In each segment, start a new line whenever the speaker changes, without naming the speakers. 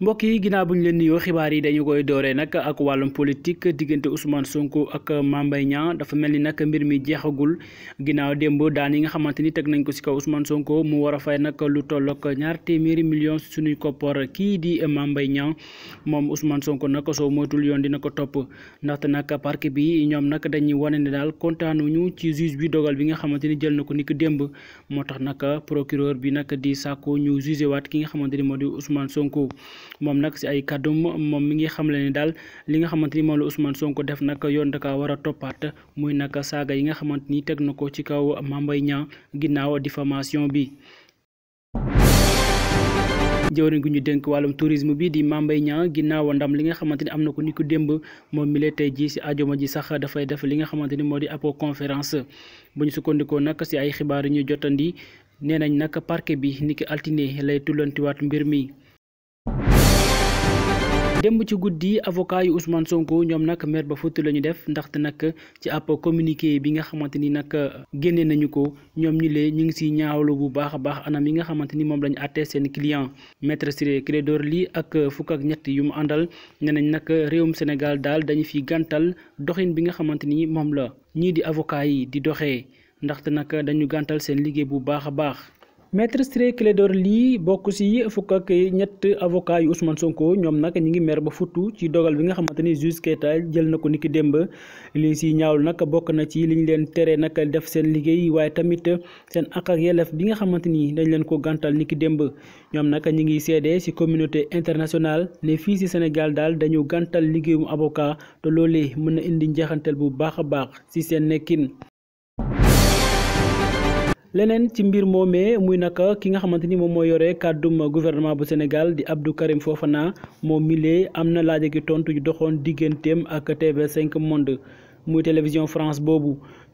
mbokk yi ginnaaw bu ñu leen nuyoo xibaar yi dañu koy dooree nag ak wàllum politique diggante Ousmane Sonko ak Mame Mbaye Niang dafa mel ni nag mbir mi jeexagul ginnaaw démb daan yi nga xamante ni teg nañ ko ci kaw Ousmane Sonko mu war a fay nag lu tollook ak ñaar téeméeri millions suñuy koppar kii di Mame Mbaye moom Ousmane Sonko nag soo moytul yoon dina ko topp ndaxte nag park bi ñoom nag dañuy wane ne daal kontaanuñu ci juge bi dogal bi nga xamante ni jël na ko niki démb moo tax nag procureur bi nag di sàkku ñu juge waat ki nga xamante ni moo di Ousmane Sonko. moom nag si ay kàddum moom mi ngi xam xamle ne daal li nga xamante ni moom la Ousmane Sonko def nag yoon da kaa war a toppaat muy nag saaga yi nga xamante ni teg na ko ci kaw Mame ñaa Niang ginnaaw diffamation bi jëwriñ gu ñu dénk wàllum tourisme bi di Mame Mbaye Niang ndam li nga xamante ni am na ko ni ko démb moom mi la tey jii si ajuma ji sax dafay def li nga xamante ni moo di ab conférence bu ñu sukkandikoo nag si ay xibaar yu ñu jotandi nee nañ nag parquet bi niki altine lay tullantiwaat mbir mi démb ci guddi avocat yu Ousmane Sonko ñom nak maire ba futt lañu ñu def ndaxte nak ci app communiqué bi nga xamanteni nak nag nañu ko ñilé ñi ngi ci ñaawlu bu baax baax anam yi nga xamanteni mom lañu atté sen client maître Ciré Clédor li ak fuk ak ñett yu mu àndal ne nañ réewum Sénégal dal dañu fi gantal doxine bi nga xamanteni mom la ñi di avocat yi di doxee ndaxte nak dañu gantal sen liggé bu baax baax maître Ciré Clédor lii bokk ci fukk ak ñett avocat yu Ousmane Sonko ñoom nag ñi ngi mer ba futtu ci dogal bi nga xamante ni juge jël na ko niki demb lii ci ñaawlu nag bokk na ci liñu leen tere nag def seen liggéey waaye tamit seen àq yelef bi nga xamante ni dañ leen ko gàntal niki demb ñoom nag ñi ngi seede ci communauté internationale ne fii ci Sénégal daal dañu gàntal liggéeyum avocat te loolee mën na indi njeexantal bu baax a baax ci seen nekkin leneen ci mbir moomee muy naka ki nga xamante ni moom moo yore kàddum gouvernement bu Sénégal di Abdou Karim Fofana moom milee am na laaj ki tontu yu doxoon digganteem ak TV5 Monde muy télévision France boobu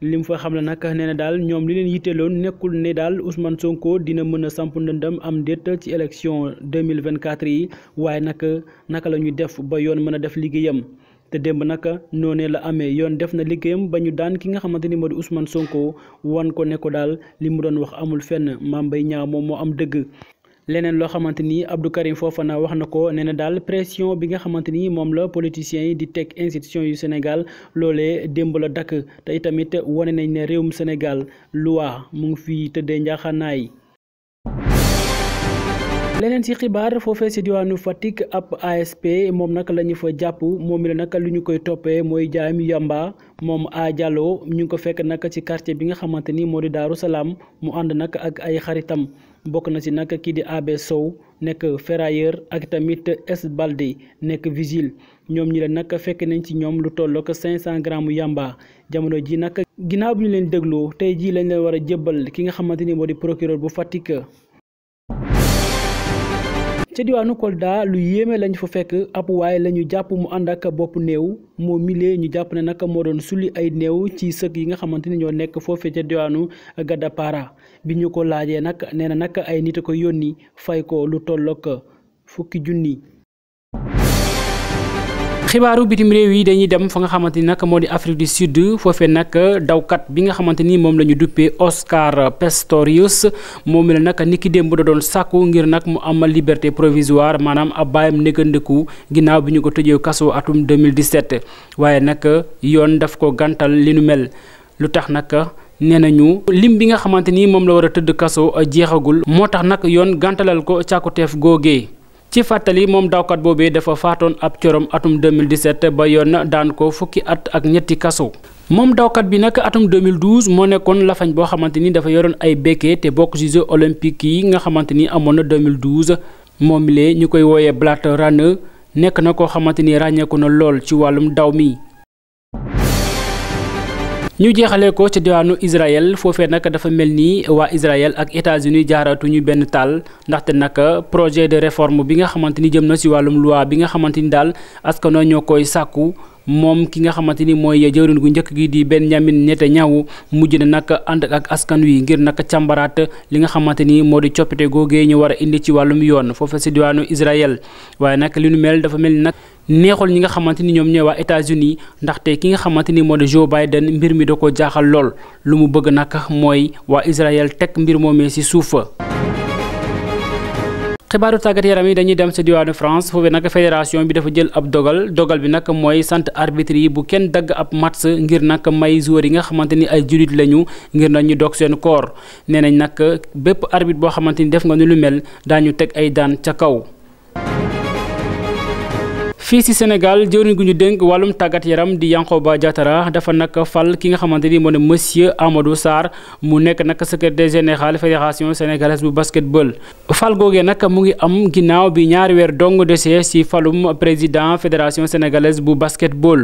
li mu fa xam ne nag nee na daal ñoom li leen yitteeloon nekkul ne daal Ousmane Sonko dina mën a samp ndëndam am déet ci élection 2024 yi waaye naka naka la ñuy def ba yoon mën a def liggéeyam. te démb nag noonee la amee yoon def na liggéeyam ba ñu daan ki nga xamante ni moo di Ousmane Sonko wan ko ne ko daal li mu doon wax amul fenn Mame Mbaye Niang moom moo am dëgg. leneen loo xamante ni Abdou foofa Fofana wax na ko nee na daal pression bi nga xamante ni moom la politiciens yi di teg institution yu Sénégal loolee démb la dakk te itamit wane nañ ne réewum Sénégal loi mu ngi fi tëddee njaaxaanaay leneen si xibaar foofee si diwaanu Fatick ab ASP moom nag la ñu fa jàpp moom mi la nag lu ñu koy toppee mooy jaayam yamba moom a Diallo ñu ngi ko fekk nag ci quartier bi nga xamante ni moo di Daaru Salaam mu ànd nag ak ay xaritam bokk na si nag kii di AB Sow nekk ferrailleur ak tamit S nekk vigile ñoom ñi la nag fekk nañ ci ñoom lu tollook 500 grammes yamba jamono ji nag ginnaaw bi ñu leen dégloo tey jii lañ leen war a jébbal ki nga xamante ni moo di procureur bu Fatick. ca diwaanu Kolda lu yéeme lañ fa fekk ab waay la ñu jàpp mu ànd ak bopp néew moo milee ñu jàpp ne nag moo doon sulli ay néew ci sëg yi nga xamante ni ñoo nekk foofee ca diwaanu Gadapara bi ñu ko laajee nag nee na nag ay nit a ko yónni fay ko lu tollook fukki junni xibaaru bitim réew yi dañuy dem fa nga xamante ni nag moo di Afrique du Sud foofee nag dawkat bi nga xamante ni moom la ñu duppee Oscar Pistorius moom la nag niki démb da doon sàkku ngir nag mu amal liberté provisoire maanaam ab bàyyam négandiku ginnaaw bi ñu ko tëjee kaso atum 2017 waaye nag yoon daf ko gantal li nu mel lu tax nag. nee nañu lim bi nga xamante ni moom la war a tëdd kaso jeexagul moo tax nag yoon gantalal ko càkkuteef googee ci fàttali moom dawkat boobee dafa faatoon ab corom atum 2017 ba yoon daan ko fukki at ak ñetti kaso. moom dawkat bi nag atum 2012 moo nekkoon lafañ boo xamante ni dafa yoroon ay békkee te bokk ci jeux yi nga xamante ni amoon na 2012 moom lee ñu koy wooyee Blatter runner nekk na koo xamante ni ràññeeku na lool ci wàllum daw mi. ñu jeexalee ko ca diwaanu Israël foofee nag dafa mel ni waa Israël ak États-Unis jaaratuñu benn taal ndaxte nag projet de réforme bi nga xamante ni jëm na si wàllum loi bi nga xamante ni daal askan ñoo koy sàkku moom ki nga xamante ni mooy jëwrin gu njëkk gi di Benjamin ñaw mujj na nag ànd ak askan wi ngir nag càmbaraat li nga xamante ni moo di coppite googee ñu war a indi ci wàllum yoon foofu si diwaanu Israël waaye nag li nu mel dafa mel ni nag neexul ñi nga xamante ni ñoom ñooy waa États-Unis ndaxte ki nga xamante ni moo di Joe Biden mbir mi da ko jaaxal lool lu mu bëgg nag mooy waa Israël teg mbir moomee si suufa xibaaru tàggat yaram yi dañuy dem ci diwaanu France foofee nag fédération bi dafa jël ab dogal dogal bi nag mooy sant arbitre yi bu kenn dagg ab match ngir nag may joueurs yi nga xamante ni ay jullit lañu ngir nañ ñu dog seen koor nee nañ nag bépp arbitre boo xamante ni def nga nu lu mel daañu teg ay daan ca kaw. fii si Sénégal jëwriñ gu ñu dénk wàllum tàggat yaram di Yankhoba Diattara dafa nag fal ki nga xamante ni moo ne monsieur Amadou Sarr mu nekk nag secrétaire général fédération sénégalaise bu basketball fal googee nag mu ngi am ginnaaw bi ñaari weer dong desee si falum président fédération sénégalaise bu basketball.